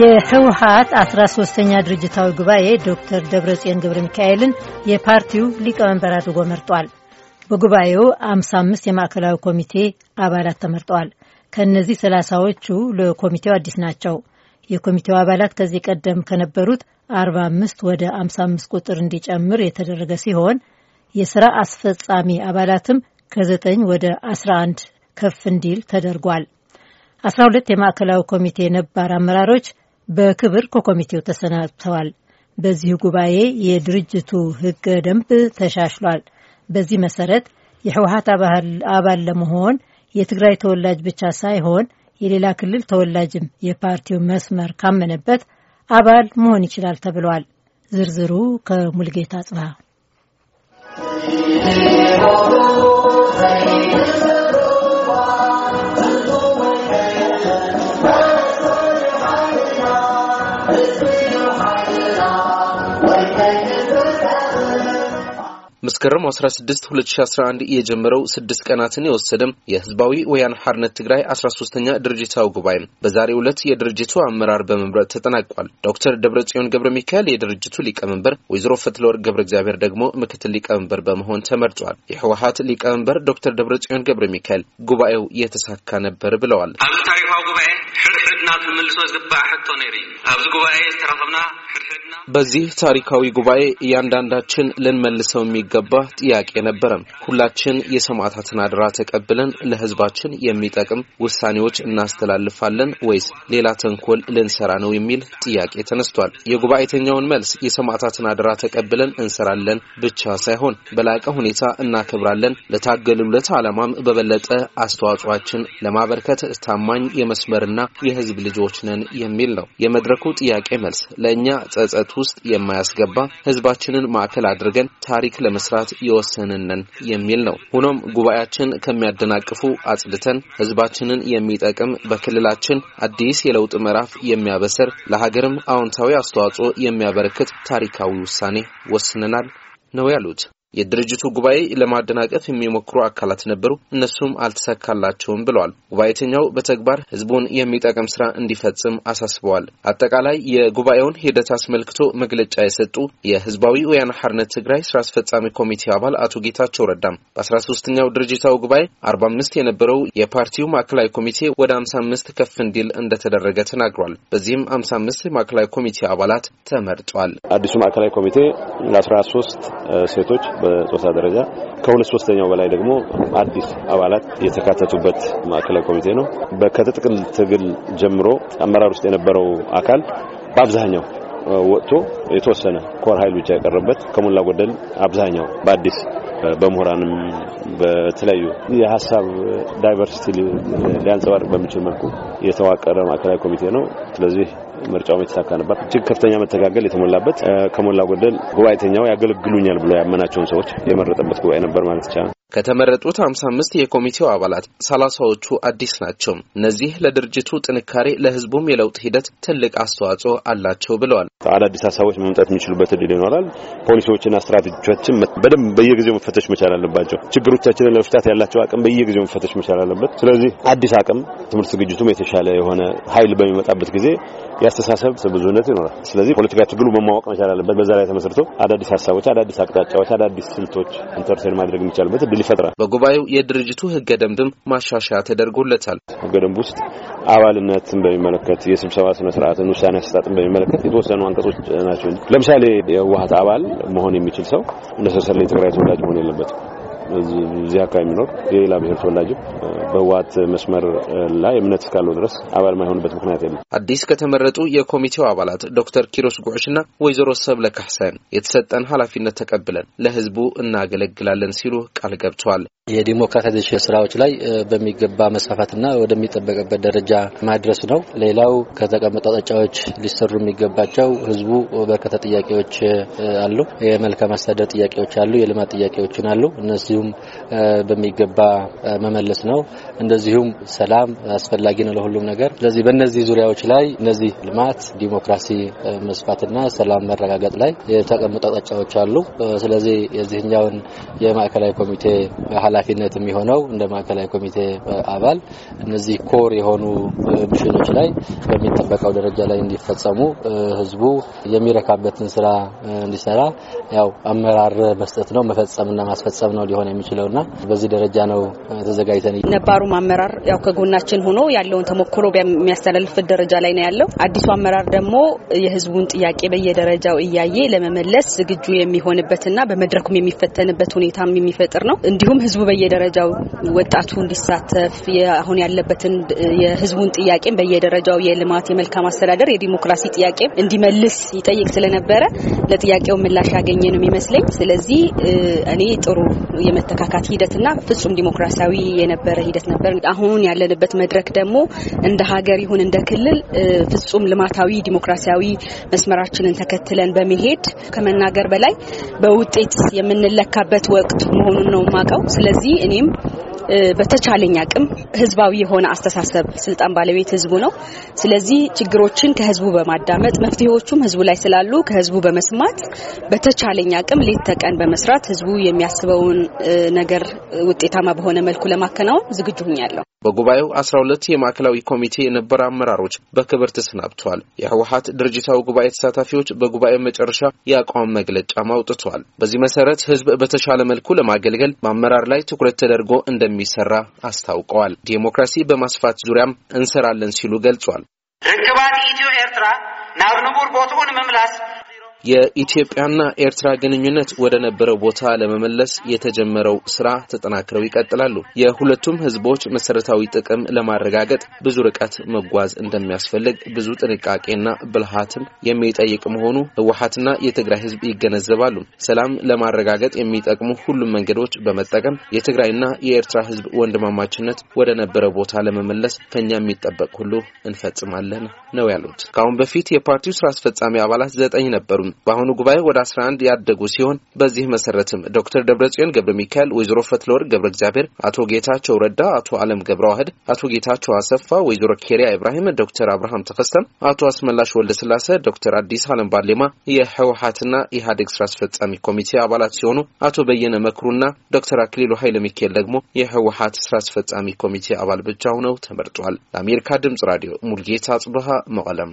የህወሀት አስራ ሶስተኛ ድርጅታዊ ጉባኤ ዶክተር ደብረጽዮን ገብረ ሚካኤልን የፓርቲው ሊቀመንበር አድርጎ መርጧል። በጉባኤው አምሳ አምስት የማዕከላዊ ኮሚቴ አባላት ተመርጠዋል። ከእነዚህ ሰላሳዎቹ ለኮሚቴው አዲስ ናቸው። የኮሚቴው አባላት ከዚህ ቀደም ከነበሩት አርባ አምስት ወደ አምሳ አምስት ቁጥር እንዲጨምር የተደረገ ሲሆን የስራ አስፈጻሚ አባላትም ከ9 ወደ 11 ከፍ እንዲል ተደርጓል። 12 የማዕከላዊ ኮሚቴ ነባር አመራሮች በክብር ከኮሚቴው ተሰናብተዋል። በዚህ ጉባኤ የድርጅቱ ህገ ደንብ ተሻሽሏል። በዚህ መሰረት የህወሀት አባል ለመሆን የትግራይ ተወላጅ ብቻ ሳይሆን የሌላ ክልል ተወላጅም የፓርቲው መስመር ካመነበት አባል መሆን ይችላል ተብሏል። ዝርዝሩ ከሙልጌታ ጽብሃ መስከረም 16 2011 የጀመረው ስድስት ቀናትን የወሰደም የህዝባዊ ወያነ ሓርነት ትግራይ 13ኛ ድርጅታዊ ጉባኤ በዛሬው ዕለት የድርጅቱ አመራር በመምረጥ ተጠናቋል። ዶክተር ደብረጽዮን ገብረ ሚካኤል የድርጅቱ ሊቀመንበር፣ ወይዘሮ ፈትለወርቅ ገብረ እግዚአብሔር ደግሞ ምክትል ሊቀመንበር በመሆን ተመርጧል። የህወሀት ሊቀመንበር ዶክተር ደብረጽዮን ገብረ ሚካኤል ጉባኤው የተሳካ ነበር ብለዋል። ክንምልሶ ዝግባእ ሕቶ ነይሩ እዩ ኣብዚ ጉባኤ ዝተረኸብና ሕድሕድና በዚህ ታሪካዊ ጉባኤ እያንዳንዳችን ልንመልሰው የሚገባ ጥያቄ ነበረ ሁላችን የሰማዕታትን አድራ ተቀብለን ለህዝባችን የሚጠቅም ውሳኔዎች እናስተላልፋለን ወይስ ሌላ ተንኮል ልንሰራ ነው የሚል ጥያቄ ተነስቷል። የጉባኤተኛውን መልስ የሰማዕታትን አድራ ተቀብለን እንሰራለን ብቻ ሳይሆን በላቀ ሁኔታ እናከብራለን፣ ለታገሉለት ዓላማም በበለጠ አስተዋጽኦችን ለማበርከት ታማኝ የመስመርና የህዝብ ልጅ ልጆች ነን የሚል ነው የመድረኩ ጥያቄ መልስ። ለእኛ ጸጸት ውስጥ የማያስገባ ህዝባችንን ማዕከል አድርገን ታሪክ ለመስራት የወሰንን የሚል ነው። ሆኖም ጉባኤያችን ከሚያደናቅፉ አጽድተን ህዝባችንን የሚጠቅም በክልላችን አዲስ የለውጥ ምዕራፍ የሚያበስር ለሀገርም አዎንታዊ አስተዋጽኦ የሚያበረክት ታሪካዊ ውሳኔ ወስነናል ነው ያሉት። የድርጅቱ ጉባኤ ለማደናቀፍ የሚሞክሩ አካላት ነበሩ፣ እነሱም አልተሳካላቸውም ብለዋል። ጉባኤተኛው በተግባር ህዝቡን የሚጠቅም ስራ እንዲፈጽም አሳስበዋል። አጠቃላይ የጉባኤውን ሂደት አስመልክቶ መግለጫ የሰጡ የህዝባዊ ወያነ ሓርነት ትግራይ ስራ አስፈጻሚ ኮሚቴ አባል አቶ ጌታቸው ረዳም በአስራ ሶስተኛው ድርጅታዊ ጉባኤ አርባ አምስት የነበረው የፓርቲው ማዕከላዊ ኮሚቴ ወደ አምሳ አምስት ከፍ እንዲል እንደተደረገ ተናግሯል። በዚህም አምሳ አምስት ማዕከላዊ ኮሚቴ አባላት ተመርጧል። አዲሱ ማዕከላዊ ኮሚቴ ለአስራ ሶስት ሴቶች በጾታ ደረጃ ከሁለት ሶስተኛው በላይ ደግሞ አዲስ አባላት የተካተቱበት ማዕከላዊ ኮሚቴ ነው። ከትጥቅል ትግል ጀምሮ አመራር ውስጥ የነበረው አካል በአብዛኛው ወጥቶ የተወሰነ ኮር ኃይል ብቻ የቀረበት ከሞላ ጎደል አብዛኛው በአዲስ በምሁራንም በተለያዩ የሀሳብ ዳይቨርሲቲ ሊያንጸባርቅ በሚችል መልኩ የተዋቀረ ማዕከላዊ ኮሚቴ ነው። ስለዚህ ምርጫው የተሳካ ነበር። እጅግ ከፍተኛ መተጋገል የተሞላበት ከሞላ ጎደል ጉባኤተኛው ያገለግሉኛል ብሎ ያመናቸውን ሰዎች የመረጠበት ጉባኤ ነበር ማለት ይቻላል። ከተመረጡት 55 የኮሚቴው አባላት ሰላሳዎቹ አዲስ ናቸው። እነዚህ ለድርጅቱ ጥንካሬ ለህዝቡም የለውጥ ሂደት ትልቅ አስተዋጽኦ አላቸው ብለዋል አዳዲስ ሀሳቦች መምጣት የሚችሉበት እድል ይኖራል። ፖሊሲዎችና ስትራቴጂዎችን በደንብ በየጊዜው መፈተሽ መቻል አለባቸው። ችግሮቻችንን ለመፍታት ያላቸው አቅም በየጊዜው መፈተሽ መቻል አለበት። ስለዚህ አዲስ አቅም ትምህርት ዝግጅቱም የተሻለ የሆነ ኃይል በሚመጣበት ጊዜ ያስተሳሰብ ብዙነት ይኖራል። ስለዚህ ፖለቲካ ትግሉ መማወቅ መቻል አለበት። በዛ ላይ ተመስርቶ አዳዲስ ሀሳቦች፣ አዳዲስ አቅጣጫዎች፣ አዳዲስ ስልቶች ኢንተርቴን ማድረግ የሚቻልበት እድል ይፈጥራል። በጉባኤው የድርጅቱ ህገ ደንብም ማሻሻያ ተደርጎለታል። ህገ ደንብ ውስጥ አባልነትን በሚመለከት የስብሰባ ስነስርዓትን ውሳኔ አሰጣጥን በሚመለከት የተወሰኑ አንቀጾች ናቸው። ለምሳሌ የህወሓት አባል መሆን የሚችል ሰው ነሰሰር ትግራይ ተወላጅ መሆን የለበትም። እዚያ አካባቢ የሚኖር የሌላ ብሔር ተወላጅም በህወሓት መስመር ላይ እምነት እስካለው ድረስ አባል ማይሆንበት ምክንያት የለም። አዲስ ከተመረጡ የኮሚቴው አባላት ዶክተር ኪሮስ ጉዕሽና ወይዘሮ ሰብለ ካሕሰን የተሰጠን ኃላፊነት ተቀብለን ለህዝቡ እናገለግላለን ሲሉ ቃል ገብተዋል። የዲሞክራታይዜሽን ስራዎች ላይ በሚገባ መስፋፋትና ወደሚጠበቅበት ደረጃ ማድረስ ነው። ሌላው ከተቀመጡ አቅጣጫዎች ሊሰሩ የሚገባቸው ህዝቡ በርካታ ጥያቄዎች አሉ። የመልካም አስተዳደር ጥያቄዎች አሉ። የልማት ጥያቄዎችን አሉ እነዚህ እንደዚሁም በሚገባ መመለስ ነው። እንደዚሁም ሰላም አስፈላጊ ነው ለሁሉም ነገር። ስለዚህ በእነዚህ ዙሪያዎች ላይ እነዚህ ልማት፣ ዲሞክራሲ መስፋትና ሰላም መረጋገጥ ላይ የተቀመጡ አቅጣጫዎች አሉ። ስለዚህ የዚህኛውን የማዕከላዊ ኮሚቴ ኃላፊነት የሚሆነው እንደ ማዕከላዊ ኮሚቴ አባል እነዚህ ኮር የሆኑ ምሽኖች ላይ በሚጠበቀው ደረጃ ላይ እንዲፈጸሙ ህዝቡ የሚረካበትን ስራ እንዲሰራ ያው አመራር መስጠት ነው መፈጸምና ማስፈጸም ነው ሊሆን ሊሆን ና በዚህ ደረጃ ነው ተዘጋጅተን ነባሩ አመራር ያው ከጎናችን ሆኖ ያለውን ተሞክሮ የሚያስተላልፍበት ደረጃ ላይ ነው ያለው። አዲሱ አመራር ደግሞ የህዝቡን ጥያቄ በየደረጃው እያየ ለመመለስ ዝግጁ የሚሆንበትና በመድረኩም የሚፈተንበት ሁኔታ የሚፈጥር ነው። እንዲሁም ህዝቡ በየደረጃው ወጣቱ እንዲሳተፍ አሁን ያለበትን የህዝቡን ጥያቄም በየደረጃው የልማት፣ የመልካም አስተዳደር፣ የዲሞክራሲ ጥያቄ እንዲመልስ ይጠይቅ ስለነበረ ለጥያቄው ምላሽ ነው የሚመስለኝ ስለዚህ እኔ ጥሩ የመተካካት ሂደትና ፍጹም ዲሞክራሲያዊ የነበረ ሂደት ነበር። አሁን ያለንበት መድረክ ደግሞ እንደ ሀገር ይሁን እንደ ክልል ፍጹም ልማታዊ ዲሞክራሲያዊ መስመራችንን ተከትለን በመሄድ ከመናገር በላይ በውጤት የምንለካበት ወቅት መሆኑን ነው የማውቀው። ስለዚህ እኔም በተቻለኝ አቅም ህዝባዊ የሆነ አስተሳሰብ ስልጣን ባለቤት ህዝቡ ነው። ስለዚህ ችግሮችን ከህዝቡ በማዳመጥ መፍትሄዎቹም ህዝቡ ላይ ስላሉ ከህዝቡ በመስማት በተቻለኝ አቅም ሌት ተቀን በመስራት ህዝቡ የሚያስበውን ነገር ውጤታማ በሆነ መልኩ ለማከናወን ዝግጁ ሁኛለሁ። በጉባኤው አስራ ሁለት የማዕከላዊ ኮሚቴ የነበረ አመራሮች በክብር ተሰናብተዋል። የህወሀት ድርጅታዊ ጉባኤ ተሳታፊዎች በጉባኤው መጨረሻ የአቋም መግለጫም አውጥተዋል። በዚህ መሰረት ህዝብ በተሻለ መልኩ ለማገልገል በአመራር ላይ ትኩረት ተደርጎ እንደሚሰራ አስታውቀዋል። ዲሞክራሲ በማስፋት ዙሪያም እንሰራለን ሲሉ ገልጿል። ርክባት ኢትዮ ኤርትራ ናብ ንቡር ቦትኡን ምምላስ የኢትዮጵያና ኤርትራ ግንኙነት ወደ ነበረው ቦታ ለመመለስ የተጀመረው ስራ ተጠናክረው ይቀጥላሉ። የሁለቱም ህዝቦች መሰረታዊ ጥቅም ለማረጋገጥ ብዙ ርቀት መጓዝ እንደሚያስፈልግ ብዙ ጥንቃቄና ብልሃትም የሚጠይቅ መሆኑ ህወሀትና የትግራይ ህዝብ ይገነዘባሉ። ሰላም ለማረጋገጥ የሚጠቅሙ ሁሉም መንገዶች በመጠቀም የትግራይና የኤርትራ ህዝብ ወንድማማችነት ወደ ነበረው ቦታ ለመመለስ ከኛ የሚጠበቅ ሁሉ እንፈጽማለን ነው ያሉት። ከአሁን በፊት የፓርቲው ስራ አስፈጻሚ አባላት ዘጠኝ ነበሩ። በአሁኑ ጉባኤ ወደ 11 ያደጉ ሲሆን በዚህ መሰረትም ዶክተር ደብረጽዮን ገብረ ሚካኤል፣ ወይዘሮ ፈትለወርቅ ገብረ እግዚአብሔር፣ አቶ ጌታቸው ረዳ፣ አቶ አለም ገብረ ዋህድ፣ አቶ ጌታቸው አሰፋ፣ ወይዘሮ ኬሪያ ኢብራሂም፣ ዶክተር አብርሃም ተከስተም፣ አቶ አስመላሽ ወልደስላሴ፣ ዶክተር አዲስ አለም ባሌማ የህወሀትና ኢህአዴግ ስራ አስፈጻሚ ኮሚቴ አባላት ሲሆኑ አቶ በየነ መክሩና ዶክተር አክሊሉ ኃይለ ሚካኤል ደግሞ የህወሀት ስራ አስፈጻሚ ኮሚቴ አባል ብቻ ሆነው ተመርጧል። ለአሜሪካ ድምጽ ራዲዮ ሙልጌታ ጽብሃ መቀለም